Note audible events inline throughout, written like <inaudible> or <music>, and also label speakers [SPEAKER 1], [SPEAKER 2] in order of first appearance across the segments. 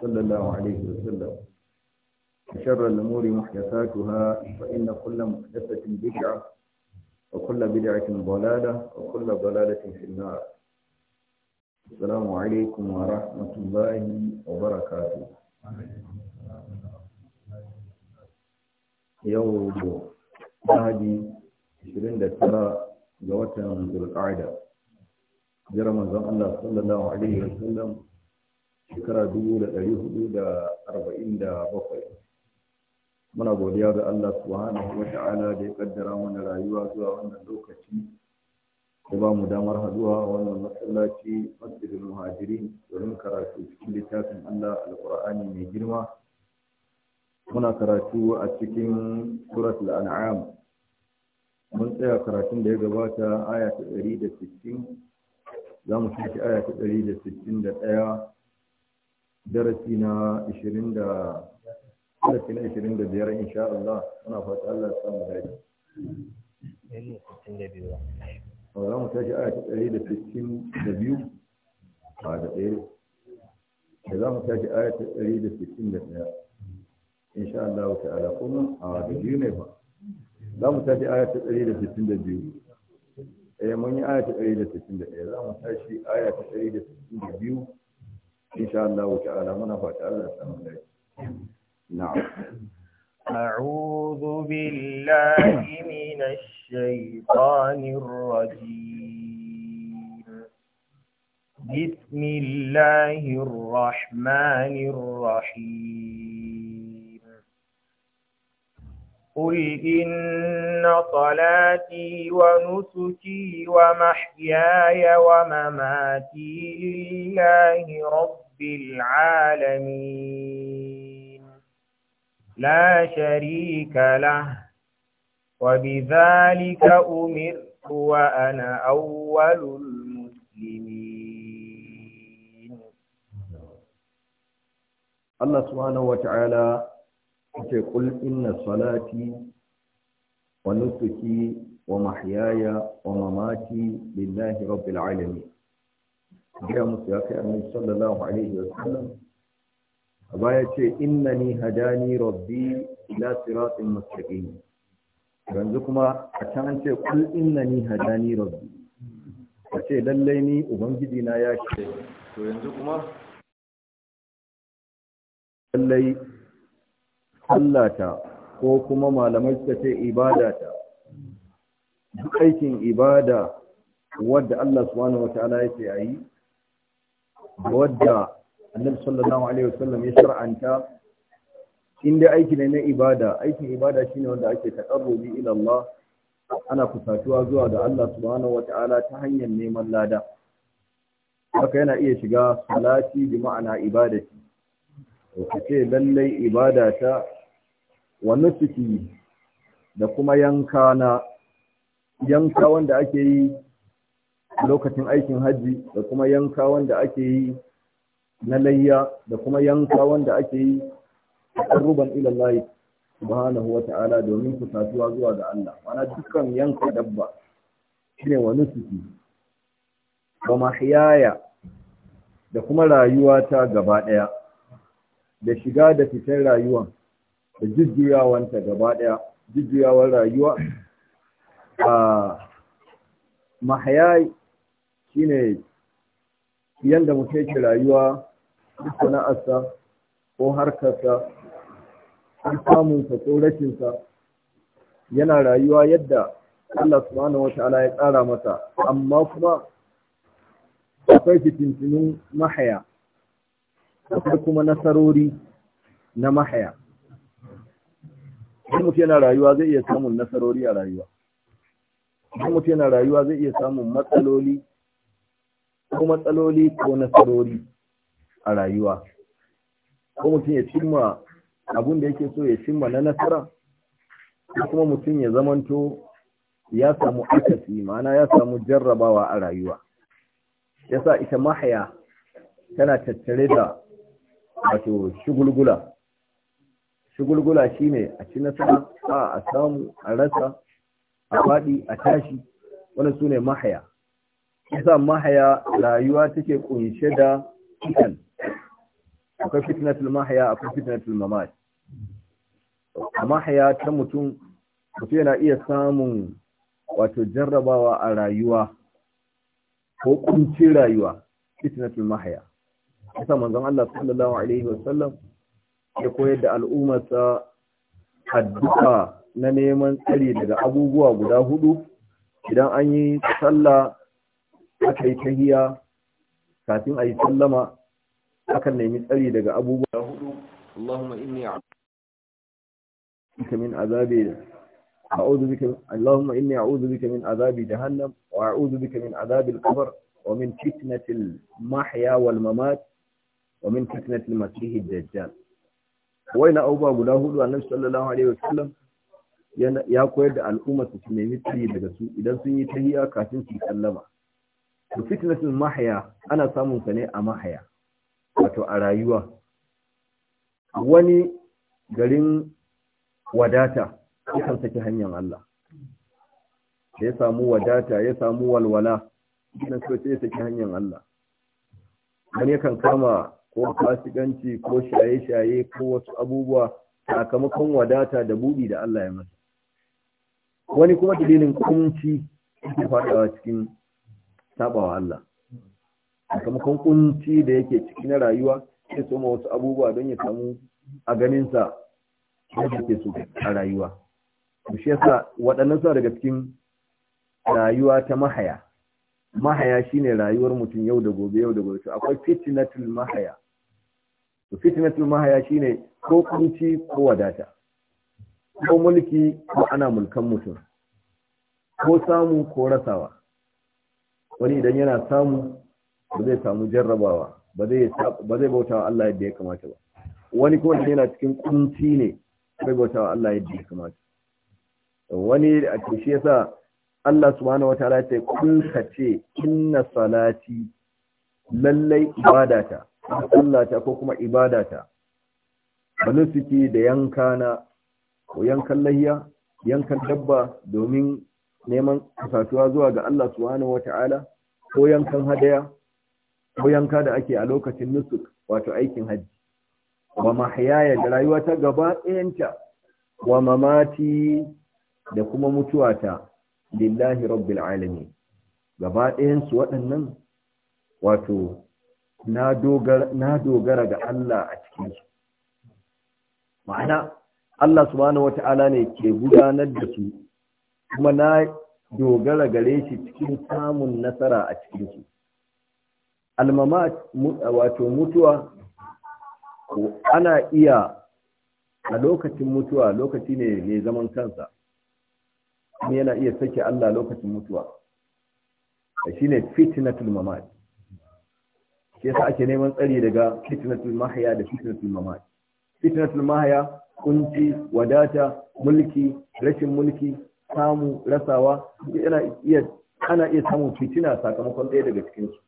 [SPEAKER 1] صلى الله عليه وسلم وشر الأمور محدثاتها فإن كل محدثة بدعة وكل بدعة ضلالة وكل ضلالة في النار السلام عليكم ورحمة الله وبركاته يوم هذه 29 ga watan zulqa'ida jira الله صلى الله عليه وسلم shekara dubu da ɗari hudu da arba'in da bakwai muna godiya ga Allah subhanahu wa ta'ala da ya kaddara mana rayuwa zuwa wannan lokaci da ba mu damar haduwa wannan masallaci masjidul muhajiri domin karatu cikin littafin Allah alqur'ani mai girma muna karatu a cikin suratul an'am mun tsaya karatun da ya gabata aya ta 160 za mu shi aya ta 161 darasi na 20 da darasi na 25 insha Allah muna fata Allah ya samu dace ba za mu tashi aya ta ɗari da sittin da biyu ba da ɗaya da za mu tashi aya ta ɗari da sittin da ɗaya insha Allah ta'ala kuma a da biyu ne ba za mu tashi aya ta ɗari da sittin da biyu eh mun yi aya ta ɗari da sittin da ɗaya za mu tashi aya ta ɗari da sittin da biyu إن شاء الله تعالى من Allah ya نعم. أعوذ
[SPEAKER 2] بالله من الشيطان الرجيم بسم الله الرحمن الرحيم قل إن صلاتي ونسكي ومحياي ومماتي لله رب رب العالمين لا شريك له وبذلك أمرت وأنا أول المسلمين
[SPEAKER 1] الله سبحانه وتعالى يقول إن صلاتي ونسكي ومحياي ومماتي لله رب العالمين gaya musu ya kai annabi sallallahu alaihi wa sallam a baya ce innani hadani rabbi ila siratin mustaqim yanzu kuma a can an ce kul innani hadani rabbi a ce lallai ni ubangiji na ya ce to yanzu kuma lallai sallata ko kuma malamai suka ce ibada ta. duk aikin ibada wadda Allah subhanahu wataala yake a yi wadda annabi sallallahu alaihi wasallam ya shar'anta inda aiki ne na ibada aikin ibada shine wanda ake taqarrubi ila Allah ana kusatuwa zuwa ga Allah subhanahu wataala ta hanyar neman lada haka yana iya shiga salati bi ma'ana ibadati to kace lallai ibada ta wa nusuki da kuma yanka yanka wanda ake yi lokacin aikin hajji da kuma yanka wanda ake yi na layya da kuma yanka wanda ake yi ruban ilallahi subhanahu wa ta'ala domin tasuwa zuwa ga Allah mana dukkan yanka dabba shine wani nusuki wa mahyaya da kuma rayuwa ta gaba ɗaya. da shiga da fitar rayuwan da jujjuyawanta gaba ɗaya. jujjuyawar rayuwa a ah, mahyaya shine yanda mutum yake rayuwa sana'arsa ko harkarsa ko samunsa ko rashinsa yana rayuwa yadda Allah subhanahu wa ta'ala ya tsara masa amma kuma akwai fitintinin mahaya akwai kuma nasarori na mahaya idan mutum yana rayuwa zai iya samun nasarori a rayuwa idan mutum yana rayuwa zai iya samun matsaloli ko matsaloli ko nasarori a rayuwa ko mutum ya cimma abun da yake so ya cimma na nasara ko kuma mutum ya zamanto ya samu akasi ma'ana ya samu jarrabawa a rayuwa yasa ita mahaya tana tattare da wato shugulgula shugulgula shine a ci nasara a a samu a rasa a faɗi a tashi wani su ne mahaya yasa mahaya rayuwa take kunshe da fitan akwai fitnatul mahaya akwai fitnatul mamat mahaya ta mutum mutum yana iya samun wato jarrabawa a rayuwa ko kuncin rayuwa fitnatul mahaya yasa manzon Allah sallallahu alaihi wasallam ya koyar da al'ummarsa addu'a na neman tsari daga abubuwa guda hudu idan an yi sallah aka yi tahiya kafin a yi sallama aka nemi tsari daga abubuwa hudu Allahumma inni a'udhu min azabi a'udhu bika Allahumma inni a'udhu bika min azabi jahannam wa a'udhu bika min azabi al-qabr wa min fitnati al-mahya wal mamat wa min fitnati al-masih ad-dajjal waina abubuwa guda hudu annabi sallallahu alaihi wasallam ya koyar da al'umma su nemi tsari daga su idan sun yi tahiya kafin su sallama to fitnatul mahaya ana samun sa ne a mahaya wato a rayuwa wani garin wadata yakan saki hanyar Allah ya samu wadata ya samu walwala nan so sai ya saki hanyar Allah wani yakan kama ko fasikanci ko shaye-shaye ko wasu abubuwa sakamakon wadata da buɗe da Allah ya masa wani kuma dalilin kunci ya faɗawa cikin sabawa Allah sakamakon kunci da yake ciki na rayuwa sai soma wasu abubuwa don ya samu a ganinsa ya yadda ke a rayuwa shi yasa waɗannan suna daga cikin rayuwa ta mahaya mahaya shine rayuwar mutum yau da gobe yau da gobe to akwai fitnatul mahaya to fitnatul mahaya shine ko kunci ko wadata ko mulki ko ana mulkan mutum ko samu ko rasawa wani idan yana samu ba zai samu jarrabawa ba zai bauta wa Allah yadda ya kamata ba wani kuma ko yana cikin kunci ne bai bauta wa Allah yadda ya kamata wani a tushe yasa Allah subhanahu wataala ya ce kun ce inna salati lallai ibadata ta ko kuma ibadata wani suke da yanka na ko yankan layya yankan dabba domin neman kasatuwa zuwa ga Allah subhanahu wataala ko yankan hadaya ko yanka da ake a lokacin nusuk wato aikin hajji wa mahyaya da ta gaba ɗayanta wa mamati da kuma mutuwata lillahi rabbil alamin gaba ɗayansu waɗannan wato na dogara ga Allah a cikinsu ma'ana Allah subhanahu wata'ala ne ke gudanar da su kuma na dogara gare shi cikin samun nasara a cikin su almama wato mutuwa ana iya a lokacin mutuwa lokaci ne mai zaman kansa yana iya sake Allah lokacin mutuwa shi ne fitnatul mamat ke sa ake neman tsari daga fitnatul mahaya da fitnatul mamat fitnatul mahaya kunci wadata mulki rashin mulki samu rasawa iya ana iya samun fitina sakamakon ɗaya daga cikin su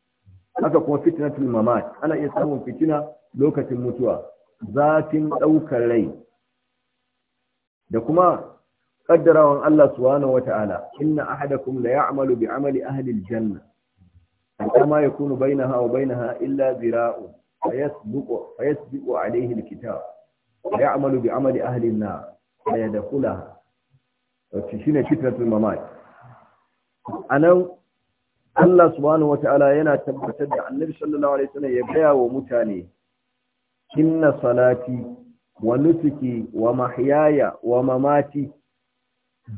[SPEAKER 1] haka kuma fitina mamat ana iya samun fitina lokacin mutuwa zafin ɗaukar rai da kuma qaddarawan Allah subhanahu wata'ala inna ahadakum la ya'malu bi amali ahli al-janna kama yakunu bainaha wa bainaha illa zira'un fayasbiqu fayasbiqu alayhi al ya'malu bi amali ahli an-nar fayadkhulaha shi ne fitnatul mamat a nan Allah subhanahu ta'ala) yana tabbatar da annabi sallallahu alaihi wasallam ya gaya wa mutane inna salati wa nusuki wa mahyaya wa mamati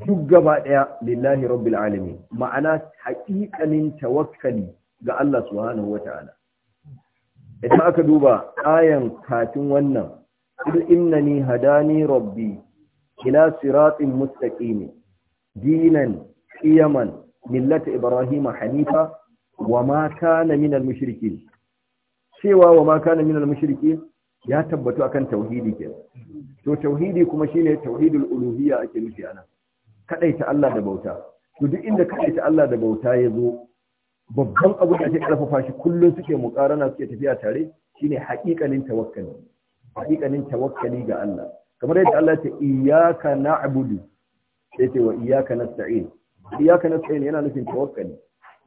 [SPEAKER 1] duk gaba daya lillahi rabbil alamin ma'ana haƙiƙanin tawakkali ga Allah subhanahu ta'ala) idan aka duba ayan kafin wannan innani hadani rabbi ila siratin mustaqim dinan qiyaman millata ibrahim hanifa wa ma kana min al-mushrikin cewa wa ma kana min al-mushrikin ya tabbatu akan tauhidi ke to tauhidi kuma shine tauhidul uluhiyya ake nufi ana kadaita Allah da bauta to duk inda kadaita Allah da bauta ya zo babban abu da ake karfafa shi kullun suke mukarana suke tafiya tare shine haƙiƙanin tawakkali haƙiƙanin tawakkali ga Allah kamar yadda Allah ce iyyaka na'budu sai ce wa iyyaka nasta'in iyyaka nasta'in yana nufin tawakkali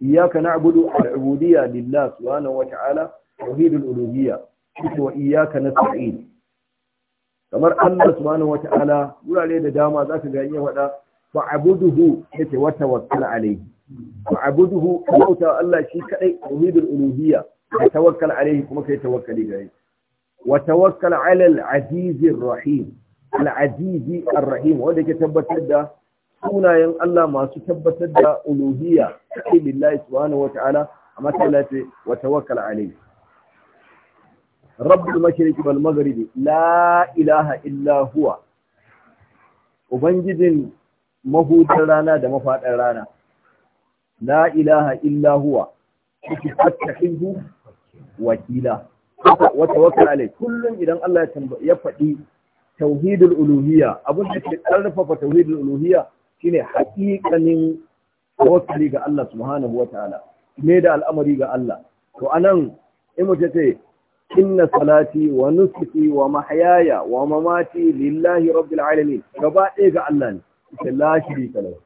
[SPEAKER 1] iyyaka na'budu al-ubudiyya lillah subhanahu wa ta'ala tauhidul uluhiyya sai wa iyyaka nasta'in kamar Allah subhanahu wa ta'ala wurare da dama zaka ga ya wada fa'buduhu yace wa tawakkal alayhi fa'buduhu bauta Allah shi kadai tauhidul uluhiyya ka tawakkal alayhi kuma kai tawakkali gare shi wa tawakkal ala al-azizir rahim al'azizi al rahim wanda ke tabbatar da sunayen Allah masu tabbatar da uluhiyya sai billahi subhanahu wata'ala amma sai Allah ce wa tawakkal alayhi rabbul mashriqi wal maghribi la ilaha illa huwa ubangijin mahudar rana da mafadar rana la ilaha illa huwa kike fattahihu wakila Wata tawakkal alayhi kullum idan Allah ya faɗi tauhidul uluhiyya abin da ke karfafa tauhidul uluhiyya shine haƙiƙanin tawakkali ga Allah subhanahu wataala me da al'amari ga Allah to anan in mutum ce inna salati wa nusuki wa mahayaya wa mamati lillahi rabbil alamin gaba ɗaya ga Allah ne ita la shirika lahu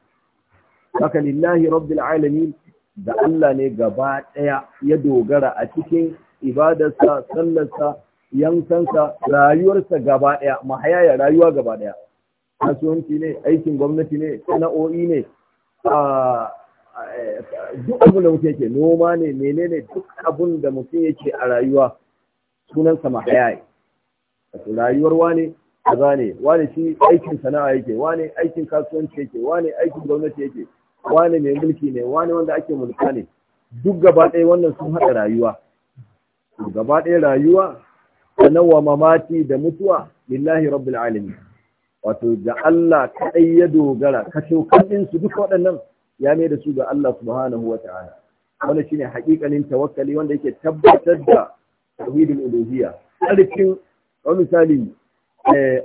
[SPEAKER 1] haka lillahi rabbil alamin da Allah ne gaba ɗaya ya dogara a cikin ibadarsa sallarsa yankansa rayuwarsa gaba ɗaya mahayaya rayuwa gaba ɗaya kasuwanci ne aikin gwamnati ne sana'o'i ne duk abin da mutum yake noma ne menene duk abin da mutum yake a rayuwa sunansa mahayaya rayuwar wane kaza ne wane shi aikin sana'a yake wane aikin kasuwanci yake wane aikin gwamnati yake wane mai mulki ne wane wanda ake mulka ne duk gaba ɗaya wannan sun haɗa rayuwa gaba ɗaya rayuwa sanawa mamati da mutuwa lillahi rabbil alamin wato da Allah kaɗai ya dogara kashe kallin su duk waɗannan ya mai da su ga Allah subhanahu wa ta'ala wannan shine haƙiƙanin tawakkali wanda yake tabbatar da tauhidul uluhiyya alikin wa misali eh,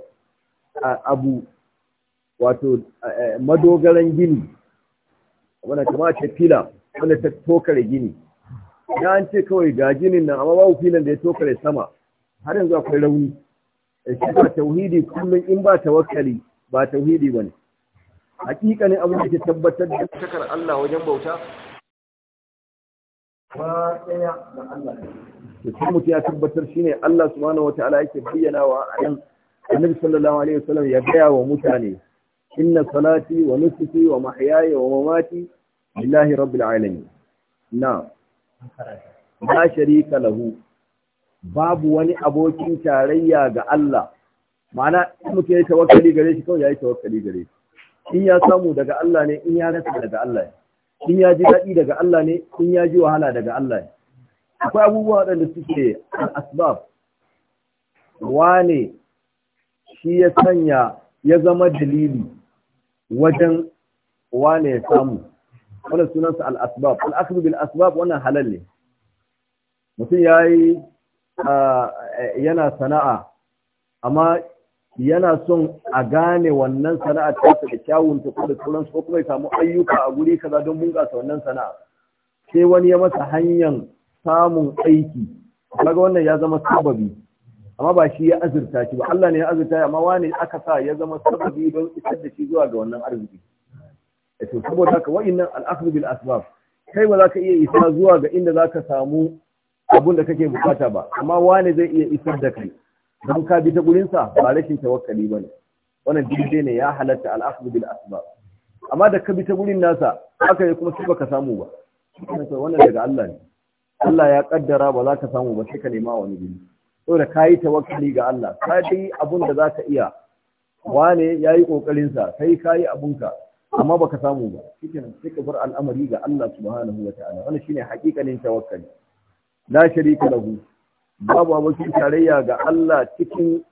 [SPEAKER 1] abu wato eh, madogaran gini wanda kuma ce fila wanda ta tokare gini na an ce kawai ga ginin nan amma babu filan da ya tokare sama har yanzu akwai rauni eh, shi ba tauhidi kullum in ba tawakkali ba tauhidi bane hakikanin abin da ke tabbatar da shakar Allah wajen bauta ba tsaya da Allah to Kuma mutum ya tabbatar shine Allah subhanahu wataala yake wa a nan Annabi sallallahu alaihi wasallam ya gaya wa mutane inna salati wa nusuki wa mahyaya wa mamati lillahi rabbil alamin na Ba sharika lahu babu wani abokin tarayya ga Allah ma'ana in mutum ya yi tawakkali gare shi kawai ya yi tawakkali gare shi in ya samu daga Allah ne in ya rasa daga Allah ne in ya ji daɗi daga Allah ne in ya ji wahala daga Allah ne akwai abubuwa waɗanda suke asbab wane shi ya sanya ya zama dalili wajen wane ya samu wannan sunansa al-asbab al wannan halal ne mutum yayi yana sana'a amma yana son a gane wannan sana'a ta da kyawun ta ko da su kuma ya samu ayyuka a guri kaza don bunƙasa wannan sana'a sai wani ya masa hanyar samun aiki kaga wannan ya zama sababi amma ba shi ya azurta shi ba Allah ne ya azurta amma wani aka sa ya zama sababi don isar da shi zuwa ga wannan arziki eh to saboda haka nan al bil asbab kai ba za ka iya isa zuwa ga inda za ka samu abun da kake bukata ba amma wani zai iya isar da kai don ka bi ta gurinsa ba rashin tawakkali ba ne wannan daidai ne ya halatta al'akhdhu bil asbab amma da ka bi ta gurin nasa aka yi kuma sai baka samu ba wannan daga Allah ne Allah ya kaddara ba za ka samu ba sai ka nema wani guri saboda ka yi tawakkali ga Allah ka yi abun da za ka iya wane ya yi ƙoƙarinsa kai ka abunka amma baka samu ba shikenan sai ka bar al'amari ga Allah subhanahu wa ta'ala wannan shine hakikanin tawakkali la sharika lahu babu abokin tarayya ga Allah cikin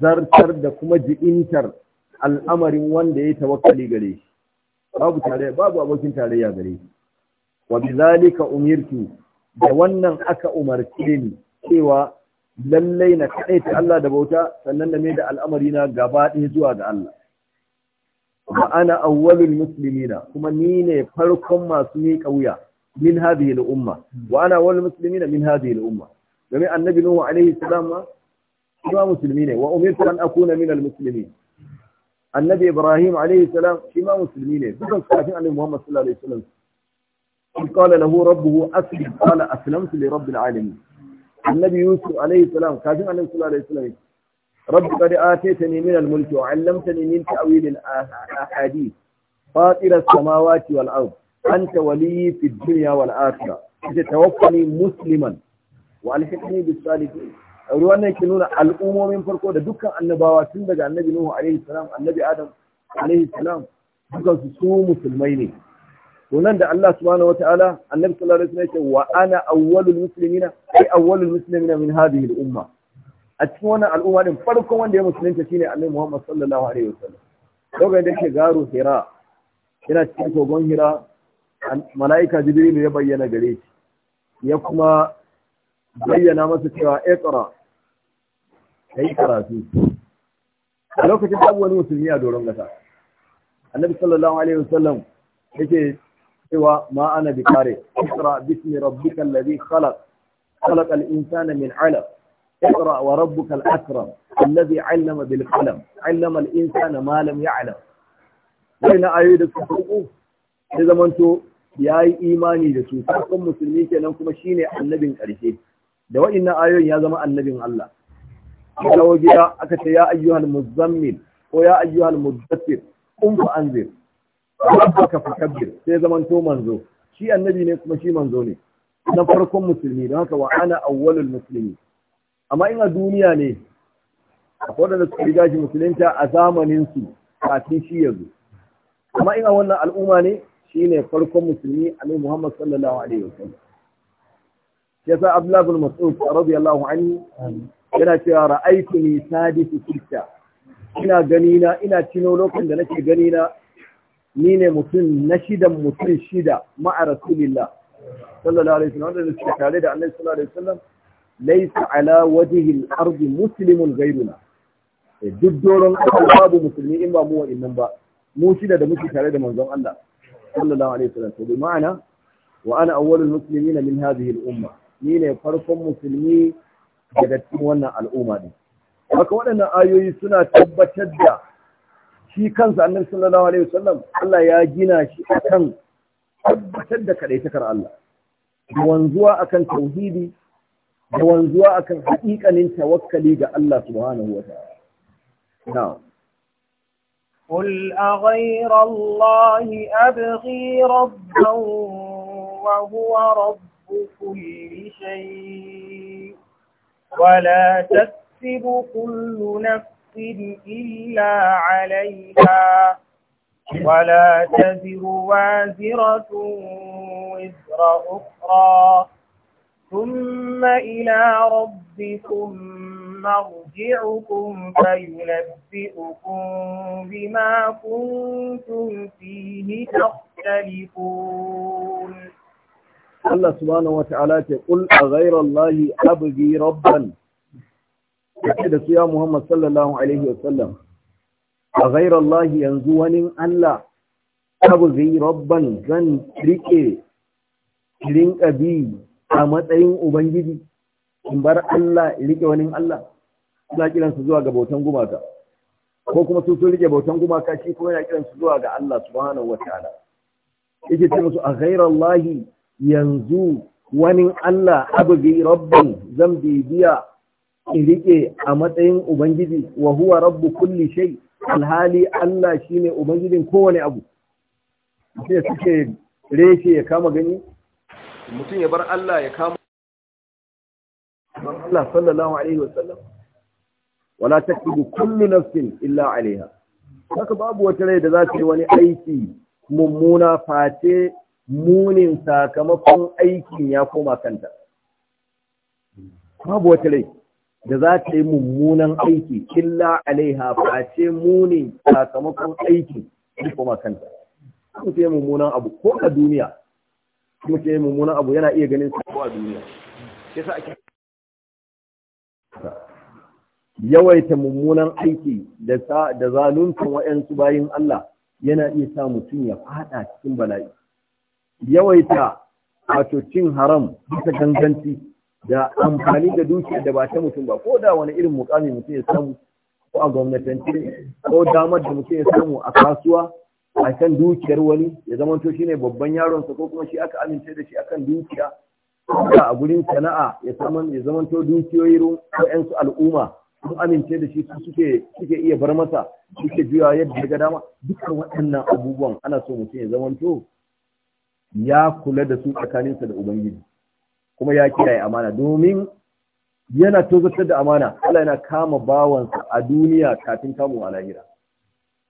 [SPEAKER 1] zartar da kuma ji'intar al'amarin wanda ya tawakkali gare shi babu tarayya babu abokin tarayya gare shi wa bizalika umirtu da wannan aka umarce ni cewa lallai na ta Allah da bauta sannan na mai da al'amari na gaba ɗaya zuwa ga Allah Ba ana awwalul muslimina kuma ni ne farkon masu miƙa wuya min hadhihi al-umma wa ana wal muslimina min hadhihi al-umma domin annabi nuhu alaihi salam ma kuma musulmi ne wa umirtu an akuna min al-muslimin annabi ibrahim alaihi salam shi ma musulmi ne dukan kafin annabi muhammad sallallahu alaihi wasallam in qala lahu rabbuhu aslim qala aslamtu li rabbil alamin annabi yusuf alaihi salam kafin annabi sallallahu alaihi wasallam رب قد آتيتني من الملك وعلمتني من تأويل الأحاديث فاطر السماوات والأرض anta wali fi dunya wal akhirah ita tawaffani musliman wa alhiqni bis salihin ruwan nan ke nuna al'umomin farko da dukkan annabawa tun daga annabi nuhu alaihi salam annabi adam alaihi salam dukkan su musulmai ne to nan da Allah subhanahu wataala annabi sallallahu alaihi wasallam ce wa ana awwalul muslimina ai awwalul muslimina min hadhihi al umma a cikin wannan al'umma din farkon wanda ya musulunta shine annabi Muhammad sallallahu alaihi da hira yana cikin kogon hira mala'ika jibrilu ya bayyana gare shi ya kuma bayyana masa cewa iqra kai karatu a lokacin da wani musulmi a doron gasa annabi sallallahu alaihi wasallam yake cewa ma ana bi kare iqra bismi rabbikal ladhi khalaq خلق الإنسان من علق اقرأ وربك الأكرم الذي علم بالقلم علم الإنسان ما لم يعلم بين أيدك حقوق إذا منتو ya yi imani da su farkon musulmi kenan kuma shine annabin ƙarshe da na ayoyin ya zama annabin Allah kawo gida aka ce ya ayyuhal muzammil ko ya ayyuhal muddathir kun fa anzir rabbaka kabbir sai zaman to manzo shi annabi ne kuma shi manzo ne na farkon musulmi don haka wa ana awwalul muslimi amma ina duniya ne akwai wadanda suka riga shi musulunta a zamanin su kafin shi yanzu amma a wannan al'umma ne Shi ne farkon musulmi Ali Muhammad sallallahu alaihi wasallam yasa Abdullah bin Mas'ud radiyallahu anhu yana cewa ra'aytuni sadisu sitta ina gani na ina cino lokacin da nake gani na ni ne mutum na shida mutum shida ma'a rasulillah sallallahu alaihi wasallam wanda suke tare da annabi sallallahu alaihi wasallam laysa ala wajhi al-ard muslimun ghayruna eh, duk doron babu musulmi in ba mu wa innan ba mu shida da muke tare da manzon Allah sallallahu alaihi wasallam to bi ma'ana wa ana awwalul muslimina min hadhihi al-umma ni ne farkon musulmi daga cikin wannan al'umma din haka waɗannan ayoyi suna tabbatar da shi kansa annabi sallallahu alaihi wasallam Allah ya gina shi akan tabbatar da kadaitakar Allah da wanzuwa akan tauhidi da wanzuwa akan haƙiƙanin tawakkali ga Allah subhanahu wa ta'ala na'am
[SPEAKER 2] قل أغير الله أبغي ربا وهو رب كل شيء ولا تكسب كل نفس إلا عليها ولا تزر وازرة وزر أخرى ثم إلى ربكم مرجعكم يرجعكم فينبئكم بما كنتم فيه تختلفون
[SPEAKER 1] الله سبحانه وتعالى قل أغير الله أبغي ربا da su ya Muhammad sallallahu Alaihi wasallam, a zairar lahi yanzu wani Allah, abu zai rabban zan rike rinka bi a matsayin Ubangiji, in bar Allah rike wani Allah. suna kiransu zuwa ga bautan gumaka ko kuma su sun rike bautan gumaka shi kuma yana kiransu zuwa ga Allah subhanahu wa ta'ala yake ce musu a ghairallahi yanzu wani Allah abubi rabban zan bibiya in rike a matsayin ubangiji wa huwa rabbu kulli shay alhali Allah shine ubangijin kowane abu sai suke reshe ya kama gani mutum ya bar Allah ya kama Allah sallallahu alaihi wasallam wala taqidu kullu nafsin illa alaiha haka babu wata rai da za ta yi wani aiki mummuna face munin sakamakon aikin ya koma kanta babu wata rai da za ta yi mummunan aiki illa alaiha face munin sakamakon aikin ya koma kanta kuma ce mummunan abu ko a duniya kuma ce mummunan abu yana iya ganin sako a duniya yasa ake yawaita mummunan aiki da da zaluntan bayin Allah yana iya sa mutum ya fada cikin bala'i yawaita a cin haram bisa ganganci da amfani da dukiya da ba ta mutum ba ko da wani irin mukami mutum ya samu ko a gwamnatance ko damar da mutum ya samu a kasuwa a kan dukiyar wani ya zama to ne babban yaronsa ko kuma shi aka amince da shi akan dukiya a gurin sana'a ya zama to dukiyoyi su al'umma sun amince da shi su suke iya bar masa suke juya yadda ga dama dukkan waɗannan abubuwan ana so mutum ya to ya kula da su tsakaninsa da ubangiji kuma ya kiyaye amana domin yana tozartar da amana Allah yana kama bawansa a duniya kafin kamun a lahira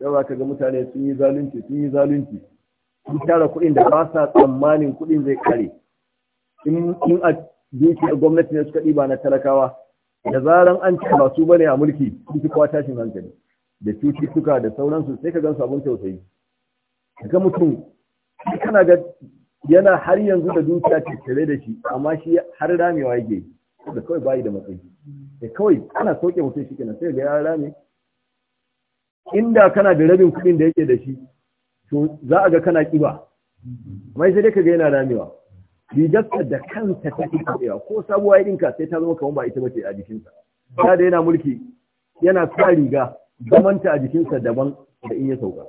[SPEAKER 1] yau ka ga mutane sun yi zalunci sun yi zalunci sun tara kuɗin da ba sa tsammanin kuɗin zai kare in a dukiyar gwamnati ne suka ɗiba na talakawa da zaran an ce ba su bane a mulki sun fi kowa tashin hankali da cututtuka da sauransu sai ka gan su abin tausayi ga mutum kana ga yana har yanzu da dukiya tare da shi amma shi har ramewa yake da kawai bayi da matsayi da kawai ana sauke mutum shi kenan sai ga ya rame inda kana da rabin kuɗin da yake da shi to za a ga kana kiba amma sai dai ka ga yana ramewa rigarsa da kansa ta fi kaɗewa ko sabuwa ya ɗinka sai ta zama kamar ba ita ce a jikinsa ya da yana mulki yana sa riga zamanta a jikinsa daban da in ya sauka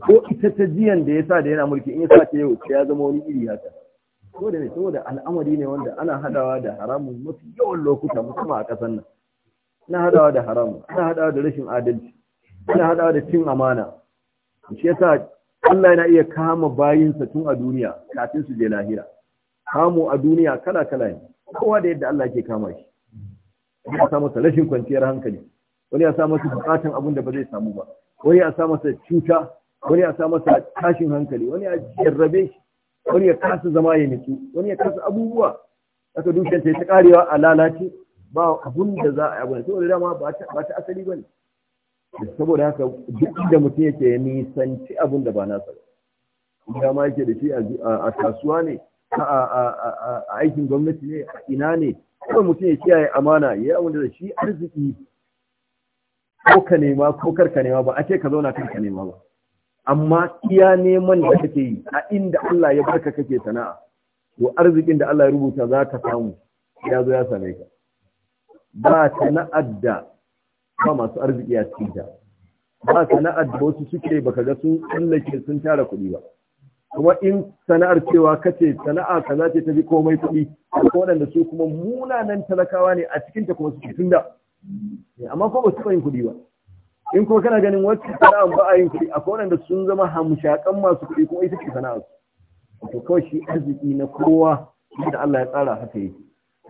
[SPEAKER 1] ko ita ta jiyan da ya sa da yana mulki in ya sa ta yau ya zama wani iri haka ko da ne saboda al'amari ne wanda ana hadawa da haramun mafi yawan lokuta musamman a ƙasar nan ana hadawa da haramun ana hadawa da rashin adalci ana hadawa da cin amana shi yasa Allah yana iya kama bayinsa tun a duniya kafin su je lahira kamu a duniya kala kala ne kowa da yadda Allah ke kama shi wani ya samu rashin kwanciyar hankali wani ya samu bukatan abin da ba zai samu ba wani ya samu cuta wani ya samu tashin hankali wani ya jarrabe shi wani ya kasa zama ya nutsu wani ya kasa abubuwa aka dukkan ta ta karewa a lalace ba abun da za a yi abu saboda dama ba ta asali ba ne saboda haka duk da mutum yake nisanci abun da ba nasa ba dama yake da shi a kasuwa ne a aikin gwamnati ne a ina ne kawai mutum ya kiyaye amana ya yi da shi arziki ko ka nema ko kar ka nema ba a ce ka zauna kar ka nema ba amma iya neman da kake yi a inda Allah ya barka kake sana'a to arzikin da Allah ya rubuta za ka samu ya zo ya same ka ba sana'ar da ba masu arziki a cikin ta ba sana'ar da wasu suke baka ga sun tsallake sun tara kuɗi ba kuma in sana'ar cewa kace sana'a kaza ce ta bi komai kuɗi ko waɗanda su kuma munanan talakawa ne a cikin ta kuma su tunda eh, amma ko ba su yin kuɗi ba in kuma kana ganin wacce sana'a ba a yin kuɗi akwai waɗanda sun zama hamshakan masu kuɗi kuma ita ce sana'a to kawai shi arziki na kowa da Allah ya tsara haka yake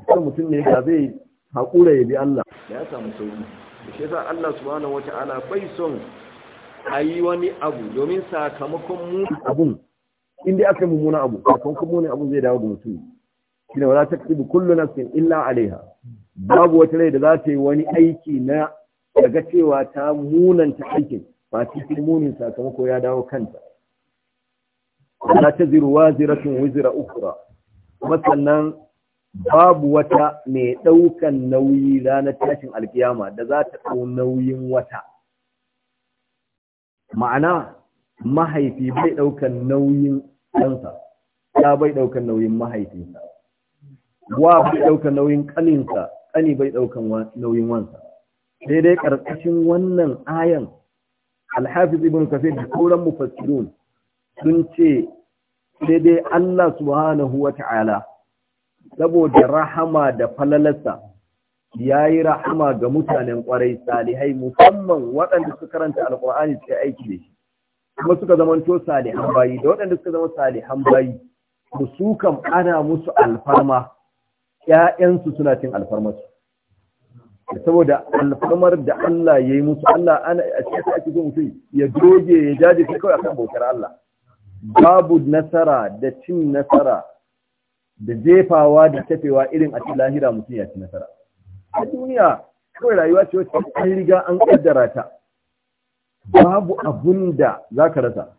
[SPEAKER 1] ko mutum ne da zai haƙura ya bi Allah ya samu sauki shi yasa Allah subhanahu wataala bai son a yi wani abu domin sakamakon mu abun in dai aka mummuna abu kafin kuma ne abu zai dawo ga mutum shine wala kullum na sin illa alaiha babu wata rai da za ta yi wani aiki na daga cewa ta munanta aikin ba cikin munin sakamako ya dawo kanta ta zirwa ziratun wizra ukura masannan babu wata mai ɗaukan nauyi ranar tashin alkiyama da za ta ɗau nauyin wata. Ma'ana, mahaifi bai ɗaukan nauyin ɗansa ya bai ɗaukar nauyin mahaifinsa wa bai ɗaukar nauyin ƙaninsa ƙani bai ɗaukar nauyin wansa daidai ƙarƙashin wannan ayan alhafiz ibn kafir da sauran mufassirun sun ce daidai Allah subhanahu wa ta'ala saboda rahama da falalarsa ya yi rahama ga mutanen ƙwarai salihai musamman waɗanda su karanta alƙur'ani sai aiki da shi kuma suka zamanto salihan bayi da waɗanda suka zama salihan bayi to su kam ana musu alfarma ƴaƴansu suna cin alfarmarsu saboda alfarmar da Allah ya yi musu Allah ana a cikin ake so mutum ya doge ya jaje sai kawai akan bautar Allah babu nasara da cin nasara da jefawa da tafewa irin a cikin lahira mutum ya ci nasara a duniya kawai rayuwa ce wacce an riga an kaddara ta babu abun da za ka rasa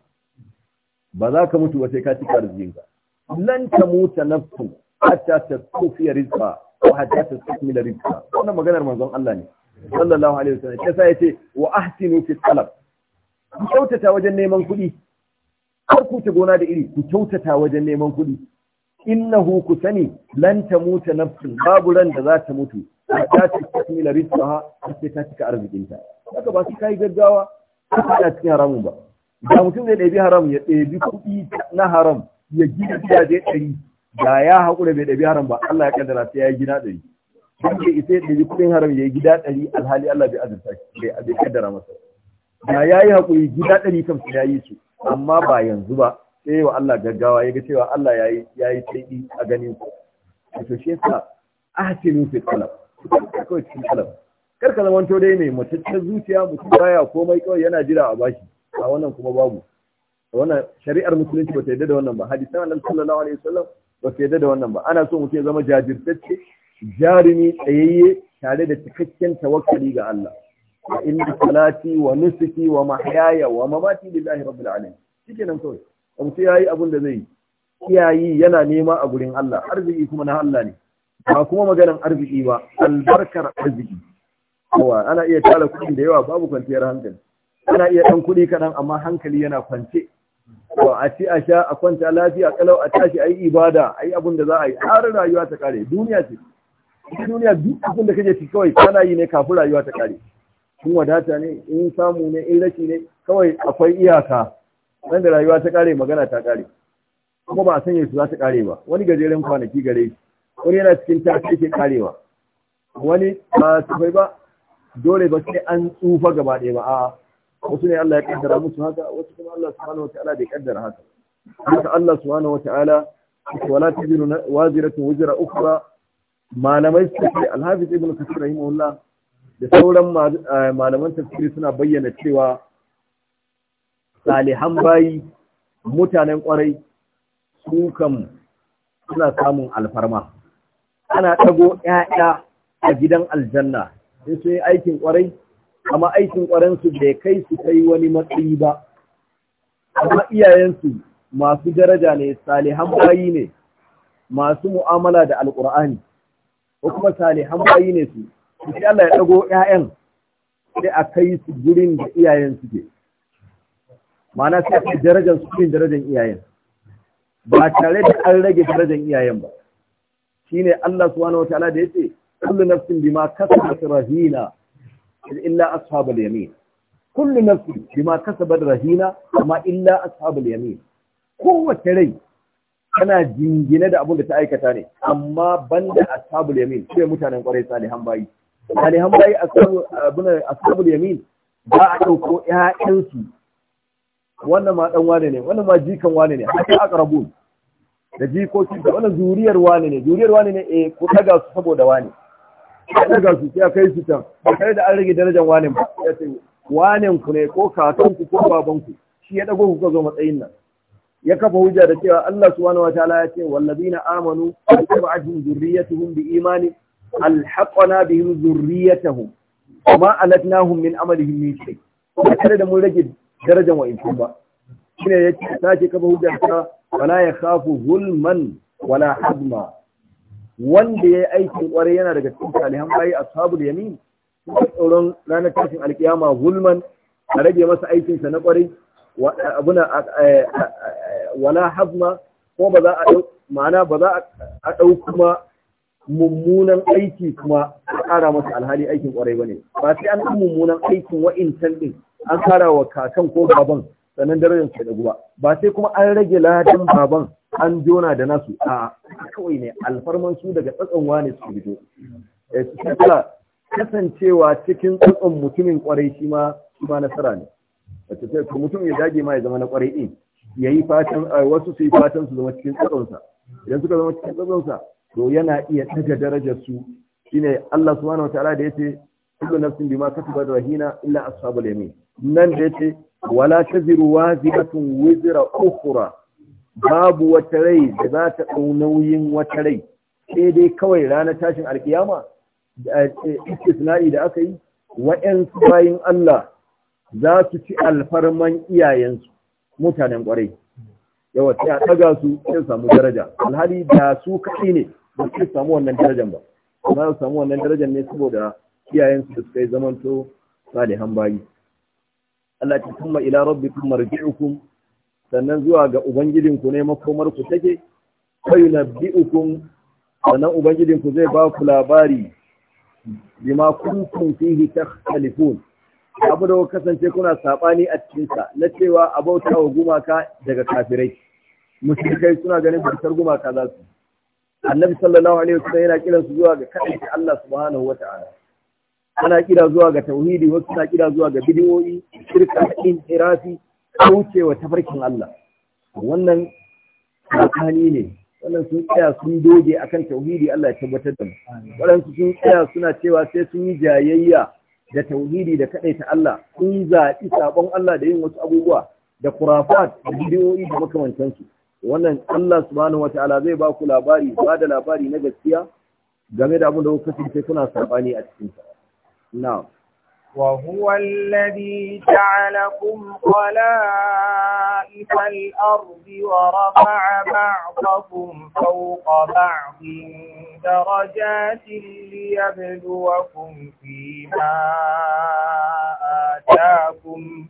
[SPEAKER 1] ba za ka mutu ba sai ka cika arzikinka lan ta mutu su hatta ta sufiya rizka ko hatta ta tsakmila rizka wannan maganar manzon Allah ne sallallahu alaihi wasallam sai ya yace wa ahsinu fi talab ku kyautata wajen neman kuɗi kar ku ta gona da iri ku kyautata wajen neman kuɗi innahu ku sani lan ta mutu su babu ran da za ta mutu hatta ta tsakmila rizqa sai ta cika arzikinta haka ba su kai gaggawa a fada cikin haramun ba da mutum zai ɗabi haram ya ɗabi kuɗi na haram ya gina gidaje ɗari da ya haƙura bai ɗabi haram ba Allah ya kaddara sai ya yi ɗari don ke isa ya ɗabi kuɗin haram ya yi gida ɗari alhali Allah bai azurta shi bai kaddara masa da ya yi haƙuri gida ɗari kam sai ya yi su amma ba yanzu ba sai wa Allah gaggawa ya ga cewa Allah ya yi ya yi a ganin su to shi yasa ahsinu fi talab kawai cikin talab kar ka to dai mai mataccen zuciya mutum baya komai kawai yana jira a bashi a wannan kuma babu wannan shari'ar musulunci ba ta yadda da wannan ba hadisan Allah sallallahu alaihi wasallam ba ta yadda da wannan ba ana so mutum ya zama jajirtacce jarumi tsayayye tare da cikakken tawakkali ga Allah wa inna salati wa nusuki wa mahyaya wa mamati lillahi rabbil alamin nan kawai sai yayi abin da zai kiyayi yana nema a gurin Allah arziki kuma na Allah ne ba kuma maganar arziki ba albarkar arziki yawa ana iya tara kuɗi da yawa babu kwanciyar hankali ana iya ɗan kuɗi kaɗan amma hankali yana kwance to a ci a sha a kwanta lafiya kalau a tashi a yi ibada a yi abin da za a yi har rayuwa ta kare duniya ce ita duniya duk abin da kaje ci kawai kana yi ne kafin rayuwa ta kare in wadata ne in samu ne in rashi ne kawai akwai iyaka nan da rayuwa ta kare magana ta kare kuma ba a sanya su za ta kare ba wani gajeren kwanaki gare shi wani yana cikin ta yake karewa wani ba su ba dole ba sai an tsufa gaba ɗaya ba a wasu ne Allah ya kaddara musu haka wasu kuma Allah subhanahu wataala bai kaddara haka haka Allah subhanahu wataala wala tajiru waziratun wujra ukhra malamai suka ce Al-Hafiz Ibn Kathir rahimahullah da sauran malaman tafsiri suna bayyana cewa salihan bayi mutanen kwarai su kan suna samun alfarma ana tago ‘ya'ya a gidan aljanna sai su yi aikin kwarai amma aikin kwaransu bai kai su kai wani matsayi ba amma iyayensu masu daraja ne salihan bayi ne masu mu'amala da alkur'ani ko kuma salihan bayi ne su sai Allah ya ɗago 'ya'yan, sai a kai su gurin da iyayen suke ma'ana sai a kai darajar su gurin darajar iyayen ba tare da an rage darajar iyayen ba Shi ne Allah wata ala da ya ce? كل نفس بما كسبت rahina illa اليمين كل نفس بما كسبت rahina amma illa ashabul yamin kowace rai tana jingine da abin da ta aikata ne amma banda ashabul yamin sai mutanen kwarai salihan bayi salihan bayi ashabul yamin ba a ɗauko 'ya'yansu. wannan ma ɗan wane ne wannan ma jikan wane ne haka rabu da jikoki da wannan zuriyar wane ne zuriyar wane ne eh ku daga su saboda wane ya daga su ya kai su can ba kai da an rage darajar wanin ba ya ce wanin ku ne ko kakan ku ko baban ku shi ya dago ku ka zo matsayin nan ya kafa hujja da cewa Allah subhanahu wataala ya ce wallazina amanu tabi'atuhum dhurriyyatuhum biimani alhaqna bihim dhurriyyatuhum وما ألتناهم من عملهم من شيء kada da mun rage darajar wa'insu ba shine ya ce sace kafa hujjar ta wala ya khafu zulman wala hazma wanda ya yi aikin kwarai yana daga cikin salihan bayi sabul yamin kuma tsoron ranar tashin alkiyama gulman a rage masa aikinsa na kwarai abuna wala hazma ko ba za a ma'ana ba za a ɗau kuma mummunan aiki kuma a ƙara masa alhali aikin ƙwarai ba ne ba sai an ɗan mummunan aikin wa'incan ɗin an ƙara wa kakan ko baban sannan darajar sai dagu ba ba sai kuma an rage ladan baban an jona da nasu a kawai ne alfarman su daga tsatsan wane eh, su fito kala kasancewa cikin tsatsan mutumin kwarai shi ma shi ma nasara ne wato sai mutum ya dage ma ya zama na kwarai din yayi fatan wasu su yi fatan su zama cikin tsatson idan suka zama cikin tsatson to yana iya daga darajar su shine Allah subhanahu wataala da yace kullu nafsin bima kasabat rahina illa ashabul yamin nan da yace wala taziru waziratun wizra ukhra babu wata rai da za ta ɗau nauyin wata rai sai dai kawai ranar tashin alkiyama eh, istisna'i da aka yi wa'yansu bayin Allah za su ci alfarman iyayensu mutanen ƙwarai yawa sai a ɗaga su sai samu daraja alhali da su kaɗai ne ba su samu wannan darajan ba za su samu wannan darajan ne saboda iyayensu da suka yi zamanto salihan bayi Allah ta kuma ila rabbikum marji'ukum sannan zuwa ga Ubangidinku ne kai ku take fayunabbi'ukum sannan Ubangidinku zai ba ku labari bima kuntum fihi halifun. abu da kasance kuna saɓani a cinsa na cewa abauta wa gumaka daga kafirai musulkai suna ganin bautar gumaka za su annabi sallallahu alaihi wasallam yana kiran su zuwa ga kadai Allah subhanahu wata'ala ana kira zuwa ga tauhidi wasu na kira zuwa ga bidiyoyi, shirka in irafi wa tafarkin Allah wannan tsakani ne wannan sun tsaya sun doge akan tauhidi Allah ya tabbatar da mu waɗansu sun tsaya suna cewa sai sun yi jayayya da tauhidi da kaɗaita Allah sun zaɓi sabon Allah da yin wasu abubuwa da kurafat da bidiyoyi da makamantansu wannan Allah subhanahu ta'ala zai ba ku labari ba da labari na gaskiya game da abin da kuka kasance kuna saɓani a cikinsa na'am
[SPEAKER 2] وهو الذي جعلكم خلائف الأرض ورفع بعضكم فوق بعض درجات ليبلوكم فيما آتاكم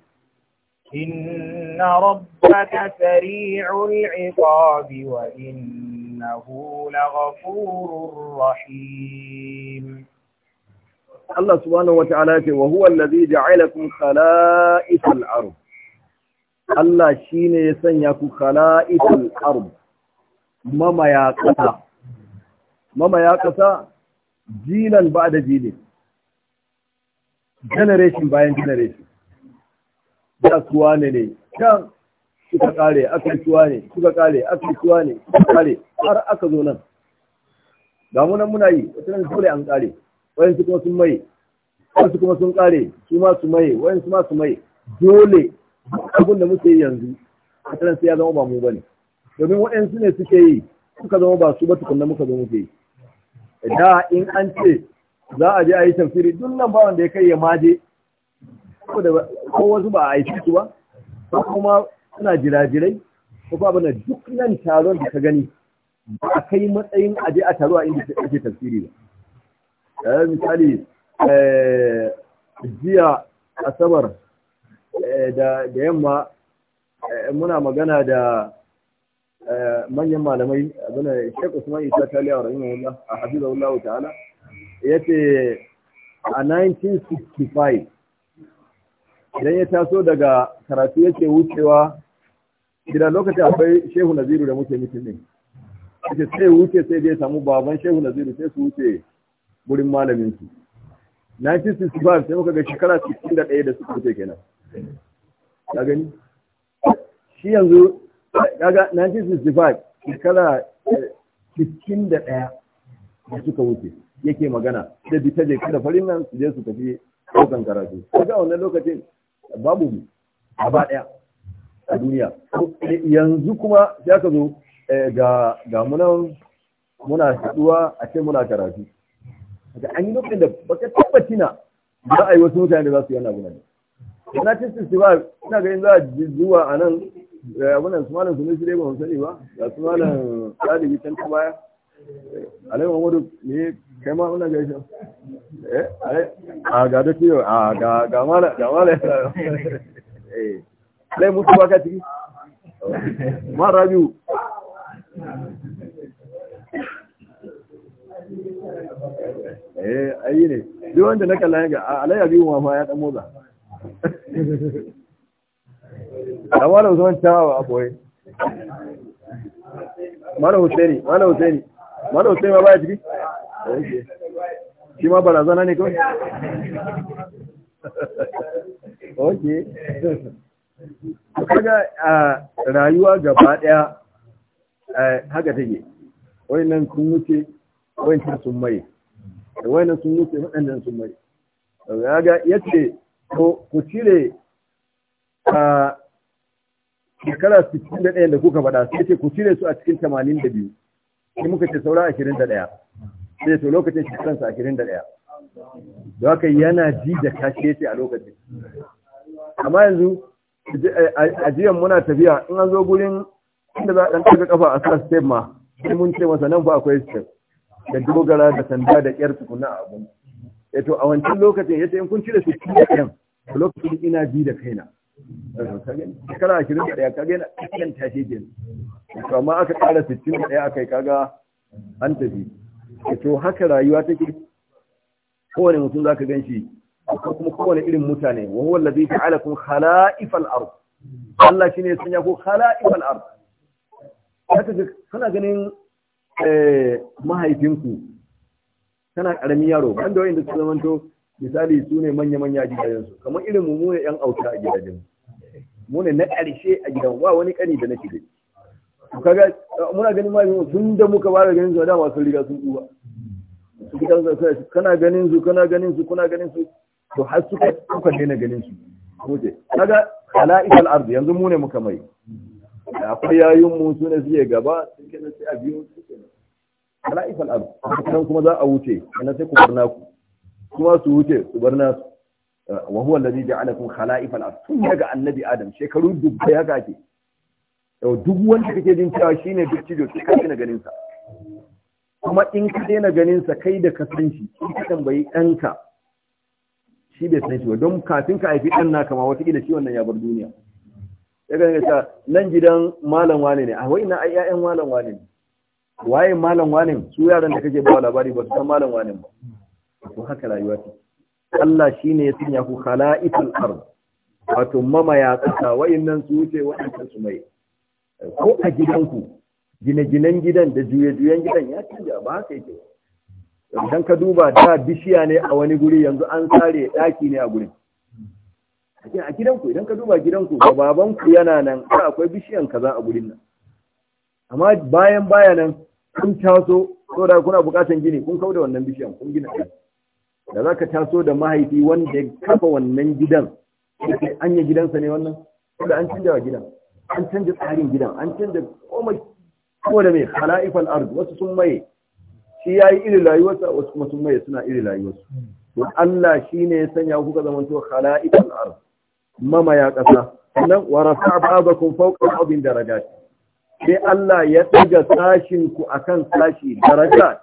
[SPEAKER 2] إن ربك سريع العقاب وإنه لغفور رحيم
[SPEAKER 1] Allah subhanahu wata'ala ce wa huwa allazi ja'alakum khala'ifal ard Allah shine ya sanya ku khala'ifal ard mamaya kasa mamaya kasa jilan ba'da jili generation bayan generation da kuwa ne ne kan suka kare aka tuwa ne suka kare aka tuwa ne kare har aka zo nan ga munan nan muna yi wata nan dole an kare wayansu kuma sun maye wayansu kuma sun kare su ma su maye wayansu ma su maye dole abin da muke yi yanzu a sai ya zama ba mu bane domin wayansu ne suke yi suka zama ba su ba tukunna muka zo muke yi da in an ce za a je a yi tafsiri duk nan ba wanda ya kai ya maje ko wasu ba a yi su ba ko kuma suna jirajirai ko ba bana duk nan taron da ka gani ba kai matsayin aje a taro a inda ake tafsiri ba Eh, misali eh, jiya asabar eh, da yamma muna magana da manyan malamai abin Sheikh Usman Isa Taliya rahimu a hafizahullahu ta'ala ya ce a 1965 idan ya taso daga karatu ya ce wucewa gidan lokacin akwai Shehu Naziru da muke mutum ne ce sai wuce sai dai samu baban Shehu Naziru sai su wuce gurin malamin su 1965 sai muka ga shekara 61 da suka wuce kenan ka gani shi yanzu kaga 1965 shekara 61 eh, da suka wuce yake magana da bi ta je kada farin nan su je su tafi kokan karatu kaga wannan lokacin babu mu a ba ɗaya a duniya yanzu kuma ya aka zo eh, ga munan muna haɗuwa a ce muna karatu da an yi lokacin da baka na ba a yi wasu mutane da za su yi wani abunan ina na cikin su ba ina ganin za a ji zuwa a nan eh, abunan su malam sun shi dai ba musani ba ga su malam ɗalibi can ta baya eh, alai mamadu ne kai ma wannan gaishe eh a ga da fiyo a ga ga mala ga mala <laughs> eh alai mutu ba ka ciki ma rabiu eh ayi ne duk wanda na kalla ga alayya biyu ma fa ya dan motsa amma da usman tawa a boye
[SPEAKER 2] mala husaini mala husaini mala husaini ma baya ciki
[SPEAKER 1] shi ma barazana ne kawai ok kaga a rayuwa gaba daya eh, haka take nan kun wuce wancan sun mai da wannan sun nufi waɗannan sun mai ya ga ya ko ku cire a shekara 61 da kuka faɗa sai ce ku cire su a cikin 82 sai muka ce saura 21 sai to lokacin shekaran shekaransa 21 da haka yana ji da kashe ce a lokacin amma yanzu ajiyan muna tafiya in an zo gurin inda za a ɗan ƙarfi kafa a sa step ma sai mun ce masa nan ba akwai step da dogara da sanda da ƙyar tukuna a abu. Eto eh to a wancan lokacin ya in kun cire su cikin da a lokacin ina ji da kaina shekara ashirin da ɗaya kaga yana ɗan tashi ke to amma aka ƙara sittin da ɗaya aka yi kaga an tafi eh to haka rayuwa take kowane mutum za ka gan shi ko kuma kowane irin mutane wa huwa allazi ta'ala kun khala'ifal ard Allah shi ne sanya ku khala'ifal ard haka kana ganin Eh, mahaifinku tana ƙaramin yaro wanda wanda su zamanto misali su ne manya-manya a gidajensu kamar irin mu ne yan auta a gidajen mu ne na ƙarshe a gidan wa wani ƙani da nake dai kaga eh, muna ganin mahaifin sun da muka fara ganin su da masu riga sun duba su gidan su kana ganin su kana ganin su kuna ganin su to har suka kuka daina ganin su kuje kaga khala'ikal ardi yanzu mu ne muka mai akwai yayun mu su ne suke gaba sun kenan sai a biyu mala'ikal ard nan kuma za a wuce sannan sai ku bar naku kuma su wuce su barna nasu wa huwa alladhi ja'alakum khala'ifal ard tun daga annabi adam shekaru dubbai haka ake duk wanda kake jin cewa shine duk cijo sai ka na ganin sa kuma in ka daina ganin sa kai da ka san shi in ka tambayi ɗanka shi bai san shi ba don kafin ka haifi ɗan naka ma wata shi wannan ya bar duniya ya ganin ta nan gidan malam wane ne a ah, wai na ai ƴaƴan malam wane ne waye malam wane su yaran da kake bawa labari ba su san malam wane ba to haka rayuwa ce Allah shine ya sanya ku khala'itul ard wato ya tsaka wayannan su wuce wayannan su mai ko a gidanku gine-ginen gidan da juye-juyen gidan ya canja ba haka yake idan ka duba da bishiya ne a wani guri yanzu an sare daki ne a gurin a gidanku idan ka duba gidanku babanku yana nan akwai bishiyan kaza a gurin nan amma bayan baya nan kun taso saboda kuna bukatan gini kun kauda wannan bishiyan kun gina ɗan da za ka taso da mahaifi wanda ya kafa wannan gidan an yi gidansa ne wannan saboda an canja wa gidan an canja tsarin gidan an canja komai da mai halaifan ard wasu sun maye shi ya yi iri rayuwarsa wasu kuma sun maye suna iri rayuwarsu don Allah shi ne ya sanya kuka zamanto hala'ifal ard mamaya ƙasa sannan wa rafa'a ba'dakum fawqa ba'din darajat sai Allah ya ɗaga sashinku a kan sashi daraja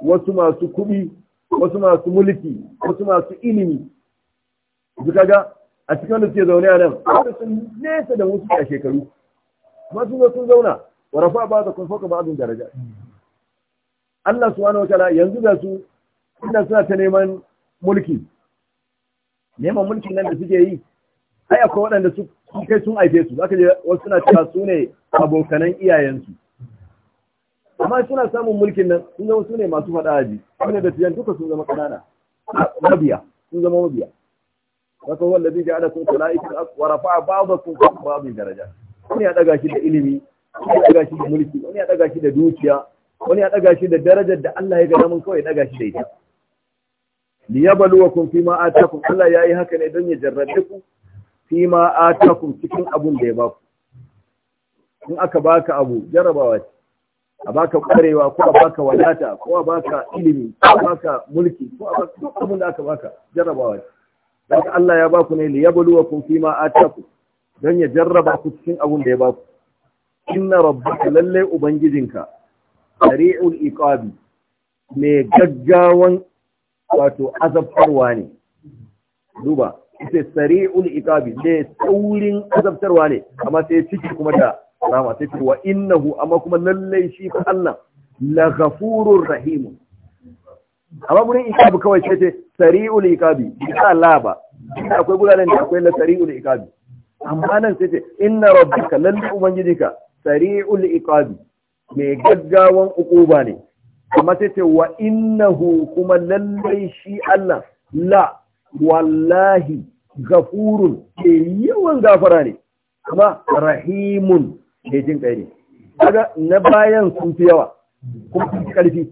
[SPEAKER 1] wasu masu kuɗi wasu masu mulki wasu masu ilimi duka ga a cikin da suke zaune a nan wanda sun nesa da musu a shekaru masu zo sun zauna wa rafa ba da kun fauka ba'adun daraja Allah wani wata yanzu da su inda suna ta neman mulki neman mulki nan da suke yi ai akwai waɗanda su kai sun haife su zaka je wasu suna cewa su ne abokanan iyayensu amma suna samun mulkin nan sun zama su ne masu faɗa aji sune da tiyan duka sun zama ƙanana mabiya sun zama mabiya wata wanda zai ga adakun kula ikin wa rafa'a ba'dakum fawqa ba'din daraja wani ya daga shi da ilimi wani ya daga shi da mulki wani ya daga shi da dukiya wani ya daga shi da darajar da Allah ya ga mun kawai ya daga shi da ita liyabluwakum fima atakum Allah yayi haka ne don ya jarrabe ku fima atakum cikin abun da ya baku in aka baka abu jarabawa ce a baka kwarewa ko a baka wadata ko a baka ilimi ko a baka mulki ko a baka duk abin da aka baka jarabawa ce daga Allah ya baku ne liyabluwakum fi ma ataku Don ya jarraba ku cikin abin da ya baku inna rabbaka lalle ubangijinka sari'ul iqabi mai gaggawan wato azabtarwa ne duba sai sari'ul iqabi ne saurin azabtarwa ne amma sai ciki kuma da rahama sai ce wa innahu amma kuma lallai shi fa Allah la ghafurur rahim amma gurin ikabi kawai ce ce sari'ul ikabi insha Allah ba akwai gudanar da akwai la sari'ul ikabi amma nan sai ce inna rabbika lallai ubangijinka sari'ul ikabi mai gaggawan ukuba ne amma sai ce wa innahu kuma lallai shi Allah la wallahi gafurun ke yawan gafara ne kuma rahimun ne jin ɗari. na bayan sun fi yawa kuma sun fi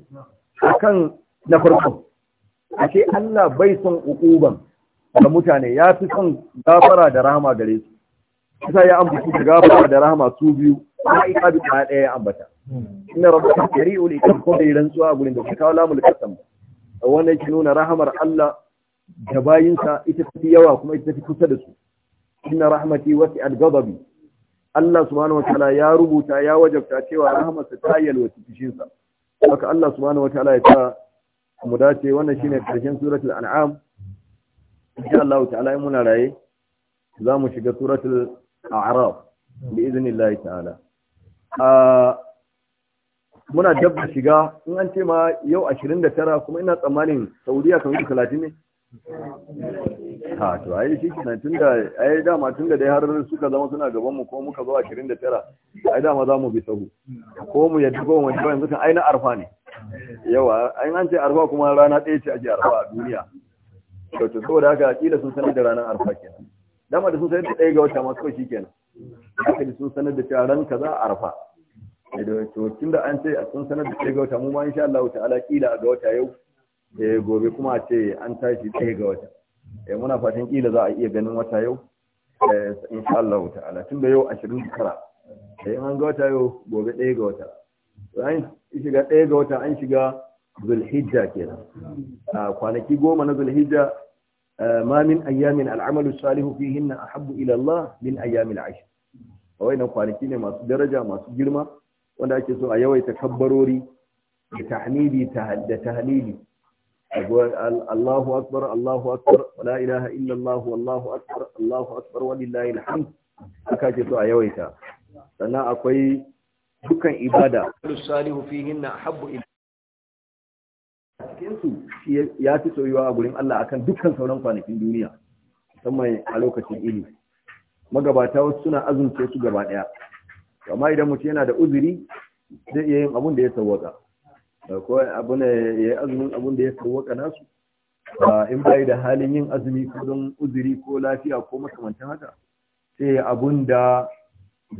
[SPEAKER 1] a kan na farko ashe Allah bai son ƙuƙuban, ga mutane ya fi son gafara da rahama gare su kisa ya ambaci da gafara da rahama su biyu kuma ikabi ta ɗaya ya ambata inna rabbaka sari'ul ikab ko da rantsuwa a gurin da ka kawo da kasam wannan ke nuna rahamar Allah da bayinsa ita fi yawa kuma ita fi kusa da su rahamati rahmati al ghadabi Allah subhanahu wataala ya rubuta ya wajabta cewa rahmarsa ta yalwaci fishin sa haka Allah subhanahu wataala ya ta mu dace wannan shine karshen suratul an'am insha Allah ta'ala in muna raye za mu shiga suratul a'raf bi idnillahi ta'ala muna dabba shiga in an ce ma yau 29 kuma ina tsammanin Saudiya kan 30 ne ha to ai shi kenan tunda ai dama tunda dai har suka zama suna gaban mu ko muka zo 29 ai dama za mu bi sahu ko mu yadda ko mu yanzu kan ai na arfa ne yawa ai an ce arfa kuma rana ɗaya ce ake arfa a duniya to to saboda haka akida sun sanar da ranar arfa kenan dama da sun sanar da ɗaya ga wata masu shi kenan haka da sun sanar da cewa ran kaza a arfa to tunda an ce sun sanar da ɗaya ga wata mu ma insha Allah ta'ala kila ga wata yau eh gobe kuma a ce an tashi ɗaya ga wata eh muna fatan kila za a iya ganin wata yau eh insha Allah ta'ala tunda yau 29 eh an ga wata yau gobe ɗaya ga wata an shiga ɗaya ga wata an shiga zulhijja kenan a ah, kwanaki goma na zulhijja eh, ma min ayyamin al'amalu salihu fihinna ahabbu ila Allah min ayyamil ashr wannan kwanaki ne masu daraja masu girma wanda ake so a yawaita kabbarori da tahmidi da tahlili Allahu akbar Allahu akbar la ilaha illallah wallahu akbar Allahu akbar walillahi alhamd aka ce to a yawaita sannan akwai dukkan ibada salihu fihinna habbu cikin ya fi soyuwa a gurin Allah akan dukkan sauran kwanakin duniya musamman a lokacin ilimi magabata wasu suna azumce su gaba daya amma idan mutum yana da uzuri zai iya yin abun da ya sauwaka ko abu ne ya azumin abun da ya kawaka nasu ba in bai da halin yin azumi ko don uzuri ko lafiya ko makamantan haka sai abun da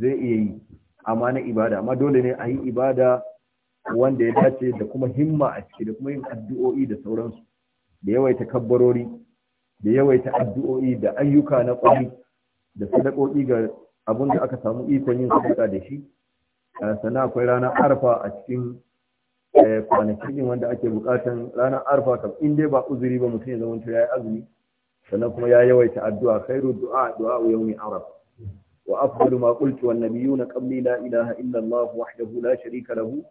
[SPEAKER 1] zai iya yi amma na ibada amma dole ne a yi ibada wanda ya dace da kuma himma a ciki da kuma yin addu'o'i da sauransu da yawaita kabbarori da yawaita addu'o'i da ayyuka na kwari da sadakoki ga abun da aka samu ikon yin sadaka da shi sannan akwai ranar arfa a cikin Eh, kwanakin wanda ake bukatan ranar arfa kam in dai ba uzuri ba mutum ya zama yayi azumi sannan kuma ya yawaita addu'a khairu du'a du'a yawmi arfa وأفضل ما قلت والنبيون قبلي لا إله إلا lahu وحده لا شريك lahu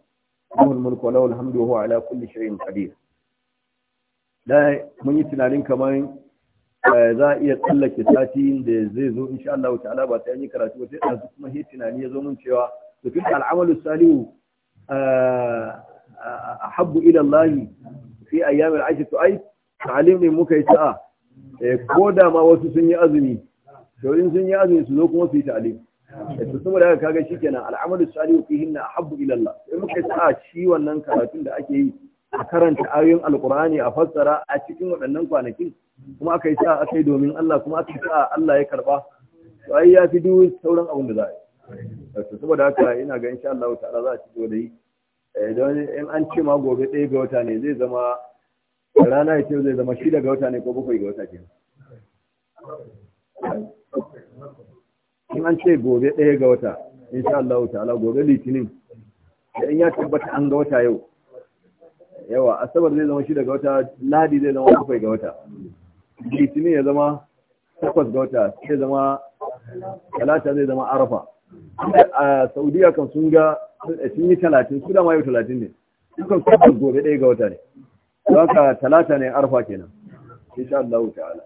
[SPEAKER 1] al hamdu wa huwa ala kulli shay'in qadir da mun yi tunanin كمان eh, za a iya tsallake sati da zai zo insha Allah ta'ala ba ta yi karatu ba sai ɗansu kuma yi tunani ya zo mun cewa to tun al'amalu salihu eh, ahabbu ila Allah fi ayyamil ashi to ai ta'alim ne muka yi ta'a ko da ma wasu sun yi azumi to in sun yi azumi su zo kuma su yi ta'alim to saboda haka kaga shikenan al'amalu salihu fihi na ahabbu ila Allah sai muka yi ta'a shi wannan karatun da ake yi a karanta ayoyin alqur'ani a fassara a cikin waɗannan kwanakin kuma aka yi sa'a aka yi domin Allah kuma aka yi sa'a Allah ya karba to ai ya fi duk sauran abin da za a haka ina ga insha Allah ta'ala za a ci gaba da yi Eh, don in an ce ma gobe ɗaya ga wata ne zai zama rana ya ce zai zama shida ga wata ne ko bakwai ga wata ke in an ce gobe ɗaya ga wata insha Allah ala gobe litinin in ya tabbata an ga wata yau yawa asabar zai zama shida ga wata ladi zai zama bakwai ga wata litinin ya zama takwas ga wata sai zama talata zai zama arafa a saudiya kan sun ga sun yi talatin su da mayu talatin ne dukkan kwanan gobe ɗaya ga wata ne don ka talata ne arfa kenan insha Allah ta'ala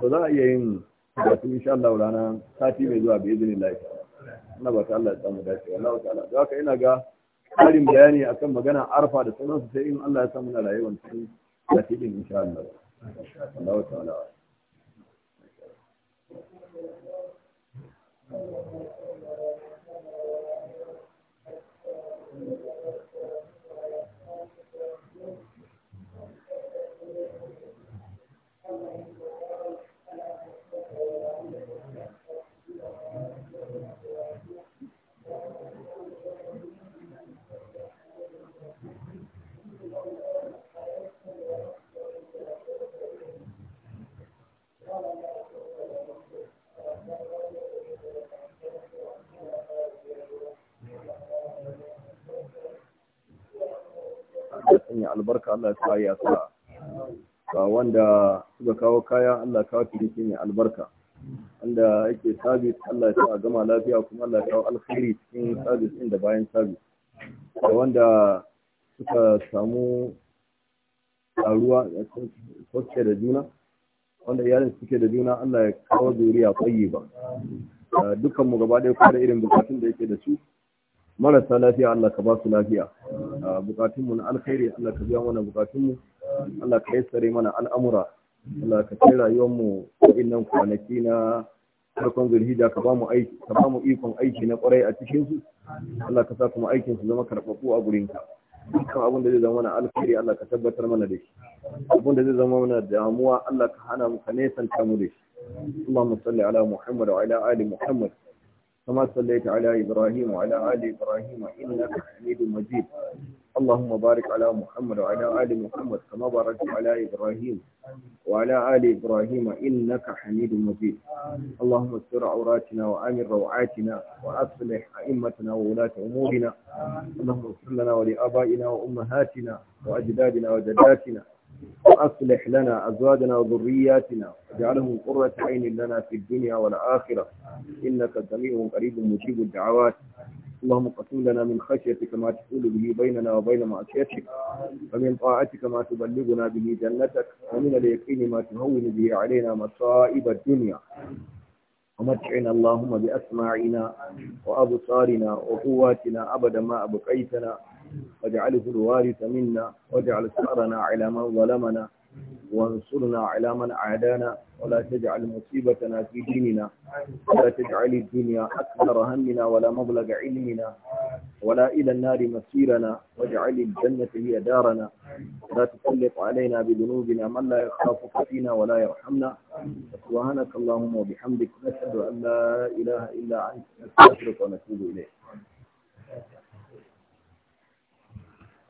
[SPEAKER 1] to za a iya yin wasu, insha Allah rana sati mai zuwa bai izinin Allah ina ba ta Allah ya samu dace Allah ta'ala don ka ina ga karin bayani akan magana arfa da sauransu sai in Allah ya samu na rayuwar cikin sati din insha Allah Allah ta'ala Thank you.
[SPEAKER 2] Thank you.
[SPEAKER 1] sanya albarka Allah ya kawo ya sa wanda suka kawo kaya Allah kawo ciniki mai albarka wanda yake sabis Allah ya sa gama lafiya kuma Allah ya kawo alkhairi cikin sabis din da bayan sabis ga wanda suka samu taruwa suke da juna wanda iyalin suke da juna Allah ya kawo zuriya tsayi ba dukkanmu mu gaba ɗaya kuma da irin bukatun da yake da su marasa lafiya Allah ka ba su lafiya bukatunmu na alkhairi Allah ka biya mana bukatunmu Allah ka yassare mana al'amura Allah ka kai rayuwarmu wa'innan kwanaki na farkon zulhijja ka ba mu aiki ka ba mu ikon aiki na kwarai a cikin su Allah ka sa kuma aikin su zama karɓaɓɓu a gurin ka dukkan abin da zai zama mana alkhairi Allah ka tabbatar mana da shi abin da zai zama mana damuwa Allah ka hana mu ka nesanta mu da shi اللهم ala Muhammad wa وعلى آل Muhammad. كما صليت على إبراهيم وعلى آل إبراهيم إنك حميد مجيد اللهم بارك على محمد وعلى آل محمد كما باركت على إبراهيم وعلى آل إبراهيم إنك حميد مجيد اللهم استر عوراتنا وآمن روعاتنا وأصلح أئمتنا وولاة أمورنا اللهم اغفر لنا ولآبائنا وأمهاتنا وأجدادنا وجداتنا وأصلح لنا أزواجنا وذرياتنا واجعلهم قرة عين لنا في الدنيا والآخرة إنك سميع قريب مجيب الدعوات اللهم قسم لنا من خشيتك ما تحول به بيننا وبين معصيتك ومن طاعتك ما تبلغنا به جنتك ومن اليقين ما تهون به علينا مصائب الدنيا ومتعنا اللهم بأسماعنا وأبصارنا وقواتنا أبدا ما أبقيتنا واجعله الوارث منا واجعل ثأرنا على من ظلمنا وانصرنا على من عادانا ولا تجعل مصيبتنا في ديننا ولا تجعل الدنيا أكبر همنا ولا مبلغ علمنا ولا إلى النار مسيرنا واجعل الجنة هي دارنا ولا تسلط علينا بذنوبنا من لا يخافك فينا ولا يرحمنا سبحانك اللهم وبحمدك نشهد أن لا إله إلا أنت نستغفرك ونتوب إليك